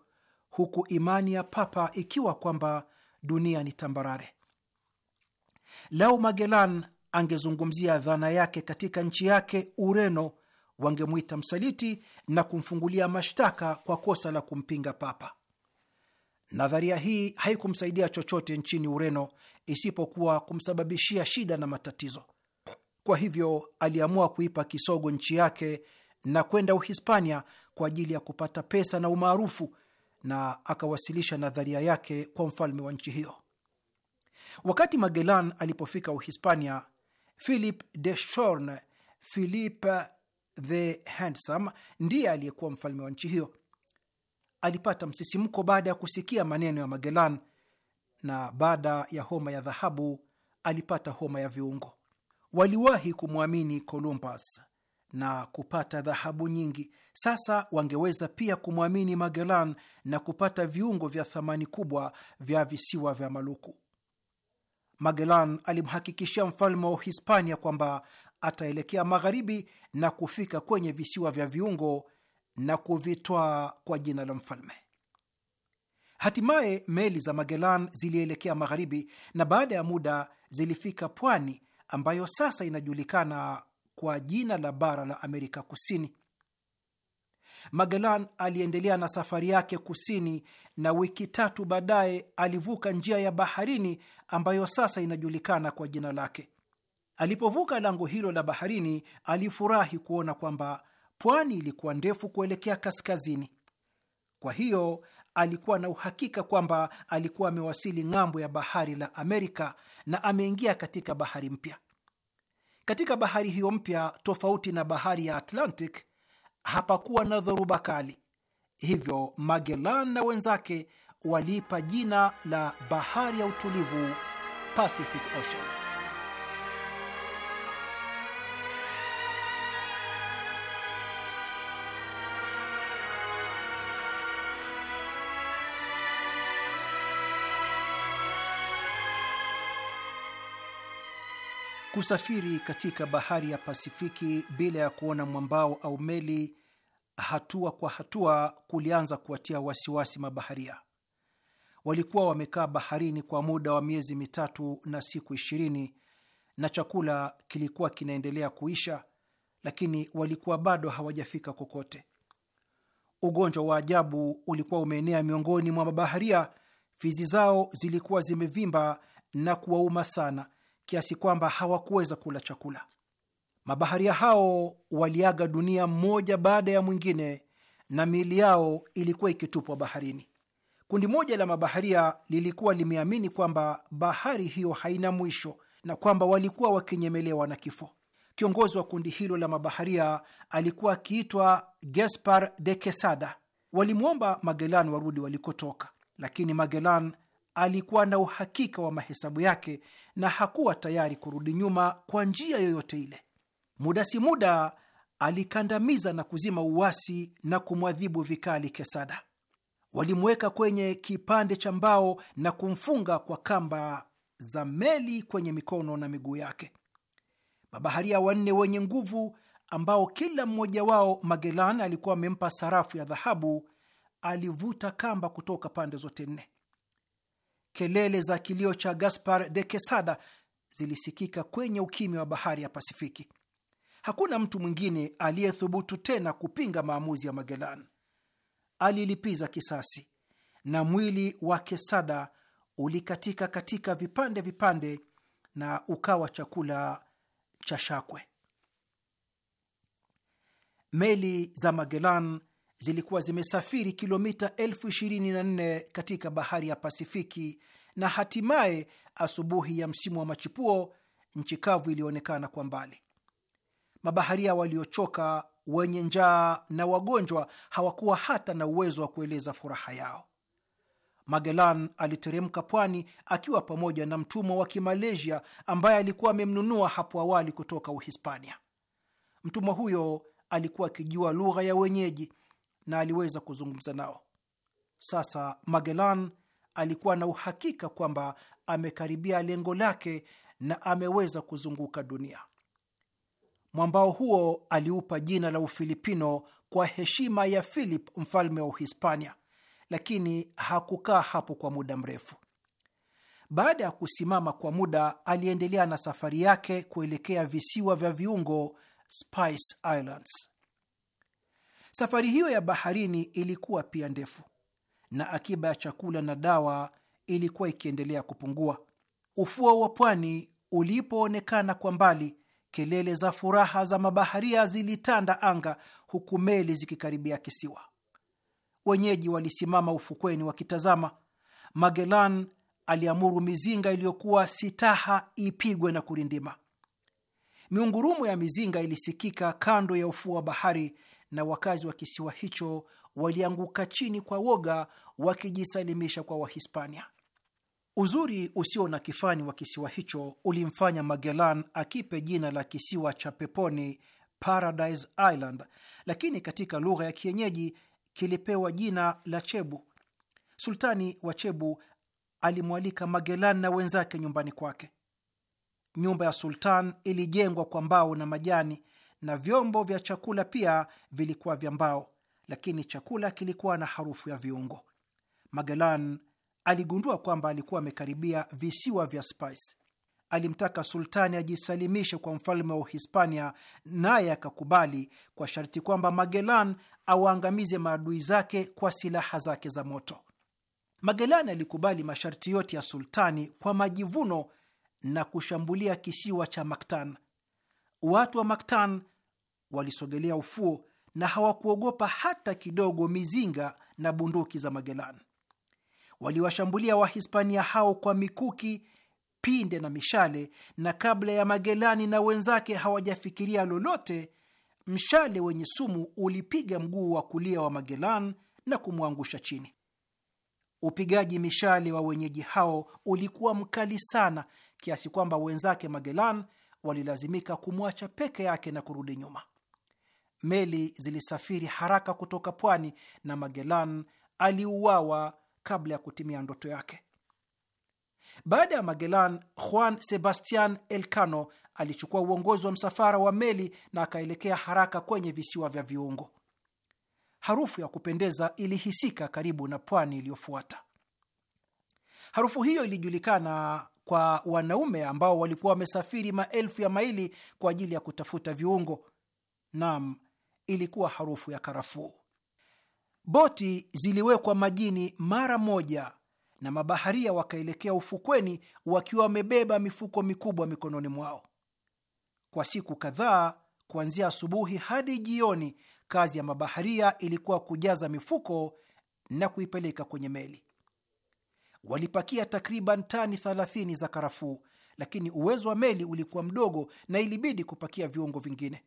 huku imani ya Papa ikiwa kwamba dunia ni tambarare. Lau Magellan angezungumzia dhana yake katika nchi yake Ureno, wangemwita msaliti na kumfungulia mashtaka kwa kosa la kumpinga Papa. Nadharia hii haikumsaidia chochote nchini Ureno, isipokuwa kumsababishia shida na matatizo. Kwa hivyo aliamua kuipa kisogo nchi yake na kwenda Uhispania kwa ajili ya kupata pesa na umaarufu, na akawasilisha nadharia yake kwa mfalme wa nchi hiyo. Wakati Magellan alipofika Uhispania, Philip de Shorn, Philip the Handsome, ndiye aliyekuwa mfalme wa nchi hiyo. Alipata msisimko baada ya kusikia maneno ya Magellan na baada ya homa ya dhahabu alipata homa ya viungo. Waliwahi kumwamini Columbus na kupata dhahabu nyingi. Sasa wangeweza pia kumwamini Magellan na kupata viungo vya thamani kubwa vya visiwa vya Maluku. Magellan alimhakikishia mfalme wa Uhispania kwamba ataelekea magharibi na kufika kwenye visiwa vya viungo na kuvitwaa kwa jina la mfalme. Hatimaye meli za Magellan zilielekea magharibi na baada ya muda zilifika pwani ambayo sasa inajulikana kwa jina la bara la Amerika Kusini. Magellan aliendelea na safari yake kusini na wiki tatu baadaye alivuka njia ya baharini ambayo sasa inajulikana kwa jina lake. Alipovuka lango hilo la baharini, alifurahi kuona kwamba pwani ilikuwa ndefu kuelekea kaskazini. Kwa hiyo alikuwa na uhakika kwamba alikuwa amewasili ng'ambo ya bahari la Amerika na ameingia katika bahari mpya. Katika bahari hiyo mpya, tofauti na bahari ya Atlantic, hapakuwa na dhoruba kali, hivyo Magellan na wenzake waliipa jina la bahari ya utulivu, Pacific Ocean. Kusafiri katika bahari ya Pasifiki bila ya kuona mwambao au meli hatua kwa hatua kulianza kuwatia wasiwasi mabaharia. Walikuwa wamekaa baharini kwa muda wa miezi mitatu na siku ishirini na chakula kilikuwa kinaendelea kuisha, lakini walikuwa bado hawajafika kokote. Ugonjwa wa ajabu ulikuwa umeenea miongoni mwa mabaharia. Fizi zao zilikuwa zimevimba na kuwauma sana kiasi kwamba hawakuweza kula chakula. Mabaharia hao waliaga dunia mmoja baada ya mwingine na miili yao ilikuwa ikitupwa baharini. Kundi moja la mabaharia lilikuwa limeamini kwamba bahari hiyo haina mwisho na kwamba walikuwa wakinyemelewa na kifo. Kiongozi wa kundi hilo la mabaharia alikuwa akiitwa Gaspar de Quesada. Walimwomba Magellan warudi walikotoka, lakini Magellan alikuwa na uhakika wa mahesabu yake na hakuwa tayari kurudi nyuma kwa njia yoyote ile. Muda si muda alikandamiza na kuzima uwasi na kumwadhibu vikali Kesada. Walimweka kwenye kipande cha mbao na kumfunga kwa kamba za meli kwenye mikono na miguu yake. Mabaharia wanne wenye nguvu ambao kila mmoja wao Magellan alikuwa amempa sarafu ya dhahabu, alivuta kamba kutoka pande zote nne kelele za kilio cha Gaspar de Quesada zilisikika kwenye ukimya wa bahari ya Pasifiki. Hakuna mtu mwingine aliyethubutu tena kupinga maamuzi ya Magellan. Alilipiza kisasi na mwili wa Quesada ulikatika katika vipande vipande na ukawa chakula cha shakwe. Meli za Magellan zilikuwa zimesafiri kilomita elfu ishirini na nne katika bahari ya Pasifiki, na hatimaye asubuhi ya msimu wa machipuo nchi kavu ilionekana kwa mbali. Mabaharia waliochoka, wenye njaa na wagonjwa hawakuwa hata na uwezo wa kueleza furaha yao. Magellan aliteremka pwani akiwa pamoja na mtumwa wa Kimalaysia ambaye alikuwa amemnunua hapo awali kutoka Uhispania. Mtumwa huyo alikuwa akijua lugha ya wenyeji na aliweza kuzungumza nao. Sasa Magellan alikuwa na uhakika kwamba amekaribia lengo lake na ameweza kuzunguka dunia. Mwambao huo aliupa jina la Ufilipino kwa heshima ya Philip, mfalme wa Uhispania, lakini hakukaa hapo kwa muda mrefu. Baada ya kusimama kwa muda, aliendelea na safari yake kuelekea visiwa vya viungo Spice Islands. Safari hiyo ya baharini ilikuwa pia ndefu na akiba ya chakula na dawa ilikuwa ikiendelea kupungua. Ufuo wa pwani ulipoonekana kwa mbali, kelele za furaha za mabaharia zilitanda anga, huku meli zikikaribia kisiwa. Wenyeji walisimama ufukweni wakitazama. Magellan aliamuru mizinga iliyokuwa sitaha ipigwe na kurindima. Miungurumo ya mizinga ilisikika kando ya ufuo wa bahari na wakazi wa kisiwa hicho walianguka chini kwa woga wakijisalimisha kwa Wahispania. Uzuri usio na kifani wa kisiwa hicho ulimfanya Magellan akipe jina la kisiwa cha peponi Paradise Island, lakini katika lugha ya kienyeji kilipewa jina la Chebu. Sultani wa Chebu alimwalika Magellan na wenzake nyumbani kwake. Nyumba ya sultan ilijengwa kwa mbao na majani na vyombo vya chakula pia vilikuwa vya mbao, lakini chakula kilikuwa na harufu ya viungo. Magellan aligundua kwamba alikuwa amekaribia visiwa vya Spice. Alimtaka sultani ajisalimishe kwa mfalme wa Uhispania, naye akakubali kwa sharti kwamba Magellan awaangamize maadui zake kwa silaha zake za moto. Magellan alikubali masharti yote ya sultani kwa majivuno na kushambulia kisiwa cha Mactan. Watu wa Mactan walisogelea ufuo na hawakuogopa hata kidogo mizinga na bunduki za Magellan. Waliwashambulia Wahispania hao kwa mikuki, pinde na mishale, na kabla ya Magelani na wenzake hawajafikiria lolote, mshale wenye sumu ulipiga mguu wa kulia wa magelan na kumwangusha chini. Upigaji mishale wa wenyeji hao ulikuwa mkali sana kiasi kwamba wenzake magelan walilazimika kumwacha peke yake na kurudi nyuma. Meli zilisafiri haraka kutoka pwani na Magellan aliuawa kabla ya kutimia ndoto yake. Baada ya Magellan, Juan Sebastian Elcano alichukua uongozi wa msafara wa meli na akaelekea haraka kwenye visiwa vya Viungo. Harufu ya kupendeza ilihisika karibu na pwani iliyofuata. Harufu hiyo ilijulikana kwa wanaume ambao walikuwa wamesafiri maelfu ya maili kwa ajili ya kutafuta viungo. Naam, ilikuwa harufu ya karafuu. Boti ziliwekwa majini mara moja na mabaharia wakaelekea ufukweni wakiwa wamebeba mifuko mikubwa mikononi mwao. Kwa siku kadhaa, kuanzia asubuhi hadi jioni, kazi ya mabaharia ilikuwa kujaza mifuko na kuipeleka kwenye meli. Walipakia takriban tani 30 za karafuu, lakini uwezo wa meli ulikuwa mdogo na ilibidi kupakia viungo vingine.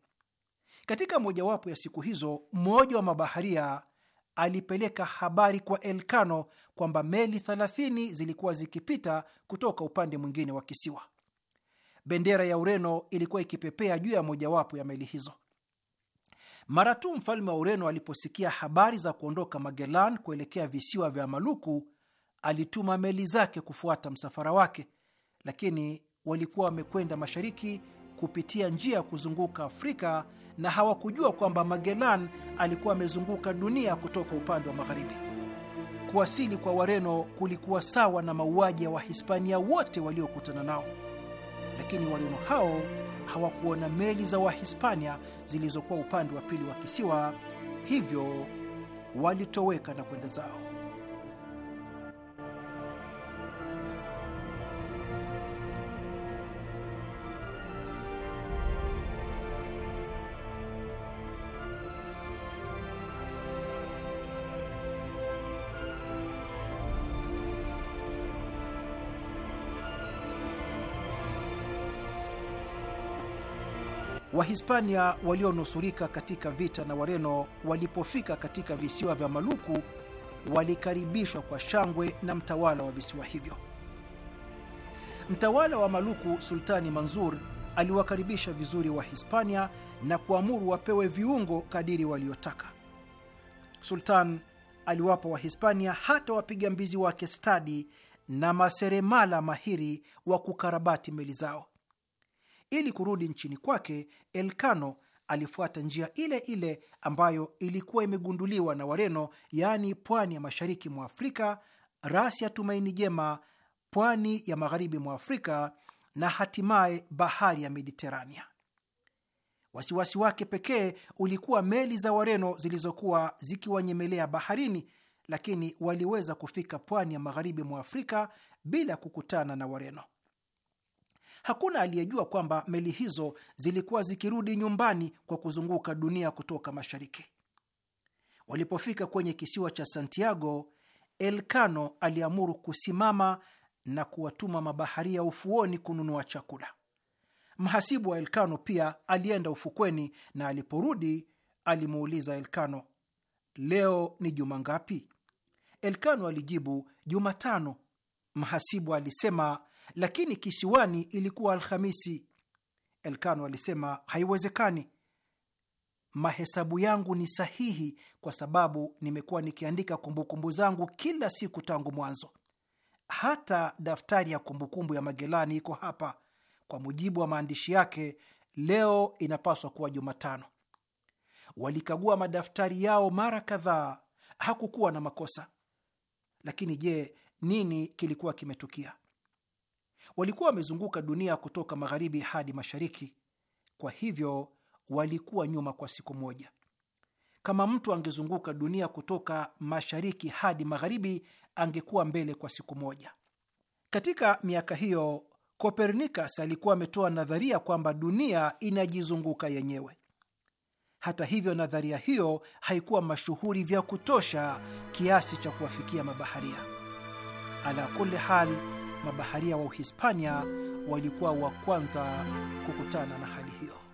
Katika mojawapo ya siku hizo, mmoja wa mabaharia alipeleka habari kwa Elkano kwamba meli 30 zilikuwa zikipita kutoka upande mwingine wa kisiwa. Bendera ya Ureno ilikuwa ikipepea juu ya mojawapo ya meli hizo. Mara tu mfalme wa Ureno aliposikia habari za kuondoka Magellan kuelekea visiwa vya Maluku, alituma meli zake kufuata msafara wake, lakini walikuwa wamekwenda mashariki kupitia njia ya kuzunguka Afrika na hawakujua kwamba Magellan alikuwa amezunguka dunia kutoka upande wa magharibi. Kuwasili kwa Wareno kulikuwa sawa na mauaji ya Wahispania wote waliokutana nao, lakini Wareno hao hawakuona meli za Wahispania zilizokuwa upande wa pili wa kisiwa, hivyo walitoweka na kwenda zao. Wahispania walionusurika katika vita na Wareno walipofika katika visiwa vya Maluku walikaribishwa kwa shangwe na mtawala wa visiwa hivyo. Mtawala wa Maluku, Sultani Manzur, aliwakaribisha vizuri Wahispania na kuamuru wapewe viungo kadiri waliotaka. Sultan aliwapa Wahispania hata wapiga mbizi wake stadi na maseremala mahiri wa kukarabati meli zao. Ili kurudi nchini kwake, Elkano alifuata njia ile ile ambayo ilikuwa imegunduliwa na Wareno, yaani pwani ya mashariki mwa Afrika, rasi ya Tumaini Jema, pwani ya magharibi mwa Afrika na hatimaye bahari ya Mediterania. Wasiwasi wake pekee ulikuwa meli za Wareno zilizokuwa zikiwanyemelea baharini, lakini waliweza kufika pwani ya magharibi mwa Afrika bila kukutana na Wareno. Hakuna aliyejua kwamba meli hizo zilikuwa zikirudi nyumbani kwa kuzunguka dunia kutoka mashariki. Walipofika kwenye kisiwa cha Santiago, Elkano aliamuru kusimama na kuwatuma mabaharia ufuoni kununua chakula. Mhasibu wa Elkano pia alienda ufukweni, na aliporudi alimuuliza Elkano, leo ni juma ngapi? Elkano alijibu, Jumatano. Mhasibu alisema lakini kisiwani ilikuwa Alhamisi. Elkano alisema, haiwezekani, mahesabu yangu ni sahihi kwa sababu nimekuwa nikiandika kumbukumbu zangu kila siku tangu mwanzo. Hata daftari ya kumbukumbu ya Magelani iko hapa. Kwa mujibu wa maandishi yake, leo inapaswa kuwa Jumatano. Walikagua madaftari yao mara kadhaa, hakukuwa na makosa. Lakini je, nini kilikuwa kimetukia? walikuwa wamezunguka dunia kutoka magharibi hadi mashariki, kwa hivyo walikuwa nyuma kwa siku moja. Kama mtu angezunguka dunia kutoka mashariki hadi magharibi, angekuwa mbele kwa siku moja. Katika miaka hiyo, Copernicus alikuwa ametoa nadharia kwamba dunia inajizunguka yenyewe. Hata hivyo, nadharia hiyo haikuwa mashuhuri vya kutosha kiasi cha kuwafikia mabaharia. ala kulli hal mabaharia wa Uhispania walikuwa wa kwanza kukutana na hali hiyo.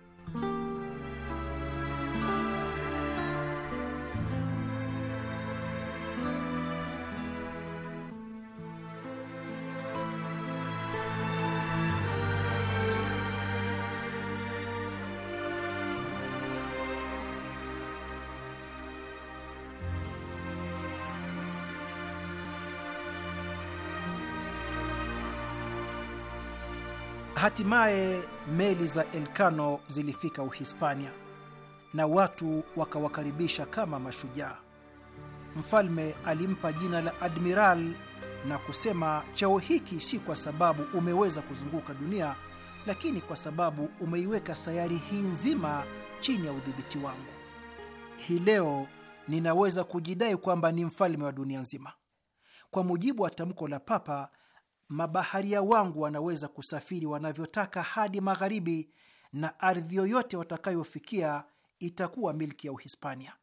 Hatimaye meli za Elkano zilifika Uhispania na watu wakawakaribisha kama mashujaa. Mfalme alimpa jina la admiral na kusema, cheo hiki si kwa sababu umeweza kuzunguka dunia, lakini kwa sababu umeiweka sayari hii nzima chini ya udhibiti wangu. Hii leo ninaweza kujidai kwamba ni mfalme wa dunia nzima. Kwa mujibu wa tamko la Papa, mabaharia wangu wanaweza kusafiri wanavyotaka hadi magharibi na ardhi yoyote watakayofikia itakuwa milki ya Uhispania.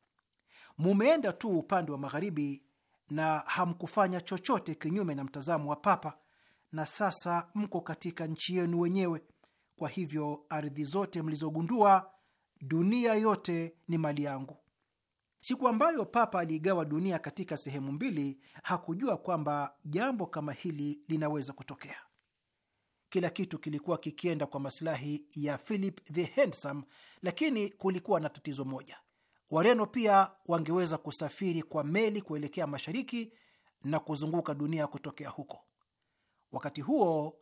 Mumeenda tu upande wa magharibi na hamkufanya chochote kinyume na mtazamo wa Papa, na sasa mko katika nchi yenu wenyewe. Kwa hivyo ardhi zote mlizogundua, dunia yote ni mali yangu. Siku ambayo papa aliigawa dunia katika sehemu mbili, hakujua kwamba jambo kama hili linaweza kutokea. Kila kitu kilikuwa kikienda kwa masilahi ya Philip the Handsome, lakini kulikuwa na tatizo moja. Wareno pia wangeweza kusafiri kwa meli kuelekea mashariki na kuzunguka dunia kutokea huko. Wakati huo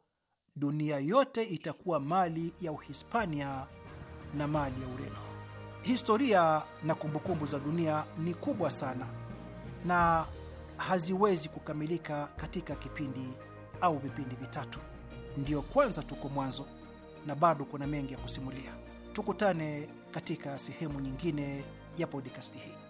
dunia yote itakuwa mali ya Uhispania na mali ya Ureno. Historia na kumbukumbu za dunia ni kubwa sana na haziwezi kukamilika katika kipindi au vipindi vitatu. Ndiyo kwanza tuko mwanzo na bado kuna mengi ya kusimulia. Tukutane katika sehemu nyingine ya podikasti hii.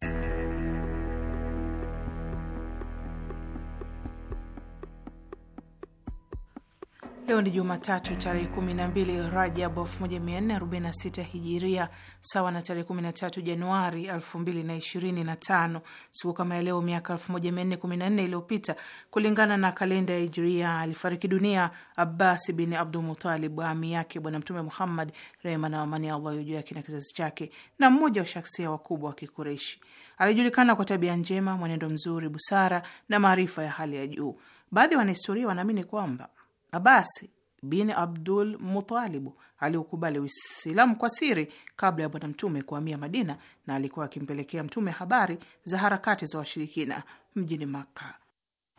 Leo ni Jumatatu tarehe 12 Rajab 1446 Hijiria, sawa na tarehe 13 Januari 2025. Siku kama ya leo miaka 1414 iliyopita kulingana na kalenda ya Hijiria alifariki dunia Abbas bin Abdul Mutalib, ami yake Bwana Mtume Muhammad, rehma na amani ya Allah juu yake na kizazi chake, na mmoja wa shaksia wakubwa wa Kikureishi. Alijulikana kwa tabia njema, mwenendo mzuri, busara na maarifa ya hali ya juu. Baadhi ya wanahistoria wanaamini kwamba Abasi bin Abdul Mutalibu aliokubali Uislamu kwa siri kabla ya Bwana Mtume kuhamia Madina, na alikuwa akimpelekea Mtume habari za harakati za washirikina mjini Makka.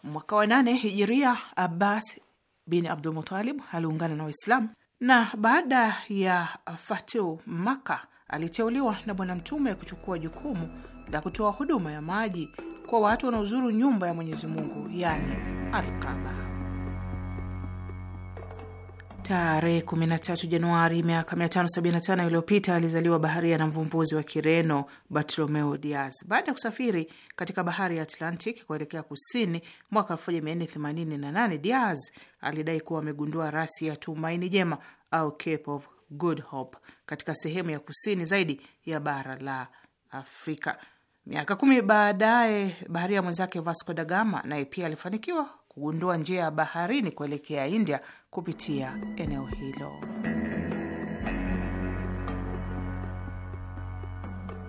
Mwaka wa nane hijiria, Abbas bin Abdul Mutalib aliungana na Waislamu, na baada ya fatu Makka aliteuliwa na Bwana Mtume kuchukua jukumu la kutoa huduma ya maji kwa watu wanaozuru nyumba ya Mwenyezi Mungu, yani Alkaba. Tarehe 13 Januari miaka 575 iliyopita alizaliwa baharia na mvumbuzi wa Kireno Bartolomeo Diaz. Baada ya kusafiri katika bahari ya Atlantic kuelekea kusini mwaka 1488, Diaz alidai kuwa amegundua rasi ya Tumaini Jema au Cape of Good Hope katika sehemu ya kusini zaidi ya bara la Afrika. Miaka kumi baadaye, baharia mwenzake Vasco da Gama naye pia alifanikiwa kugundua njia ya baharini kuelekea India kupitia eneo hilo.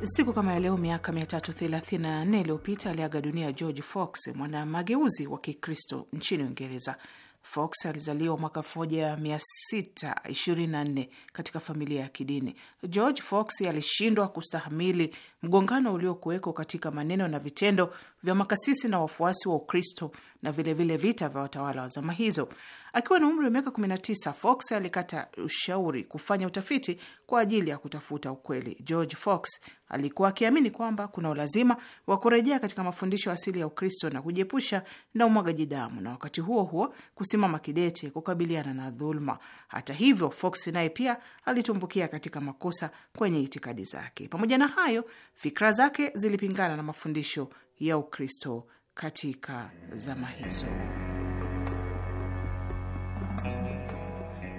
Siku kama ya leo miaka 334 iliyopita aliaga dunia George Fox, mwanamageuzi wa Kikristo nchini Uingereza. Fox alizaliwa mwaka 1624 katika familia ya kidini. George Fox alishindwa kustahamili mgongano uliokuweko katika maneno na vitendo vya makasisi na wafuasi wa Ukristo na vilevile vile vita vya watawala wa zama hizo. Akiwa na umri wa miaka 19, Fox alikata ushauri kufanya utafiti kwa ajili ya kutafuta ukweli. George Fox alikuwa akiamini kwamba kuna ulazima wa kurejea katika mafundisho asili ya Ukristo na kujiepusha na umwagaji damu na wakati huo huo kusimama kidete kukabiliana na dhuluma. Hata hivyo, Fox naye pia alitumbukia katika makosa kwenye itikadi zake. Pamoja na hayo, fikra zake zilipingana na mafundisho ya Ukristo katika zama hizo.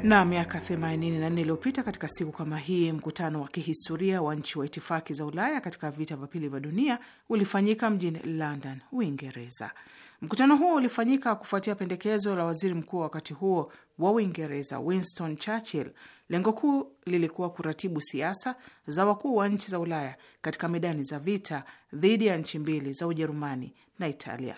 Na miaka 84 iliyopita katika siku kama hii, mkutano wa kihistoria wa nchi wa itifaki za Ulaya katika vita vya pili vya dunia ulifanyika mjini London, Uingereza. Mkutano huo ulifanyika kufuatia pendekezo la waziri mkuu wa wakati huo wa Uingereza, Winston Churchill. Lengo kuu lilikuwa kuratibu siasa za wakuu wa nchi za Ulaya katika medani za vita dhidi ya nchi mbili za Ujerumani na Italia.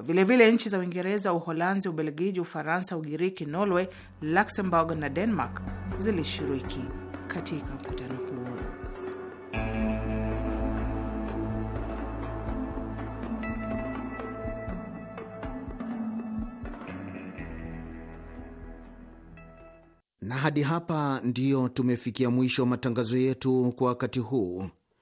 Vilevile nchi za Uingereza, Uholanzi, Ubelgiji, Ufaransa, Ugiriki, Norway, Luxembourg na Denmark zilishiriki katika mkutano huo. Na hadi hapa ndiyo tumefikia mwisho wa matangazo yetu kwa wakati huu.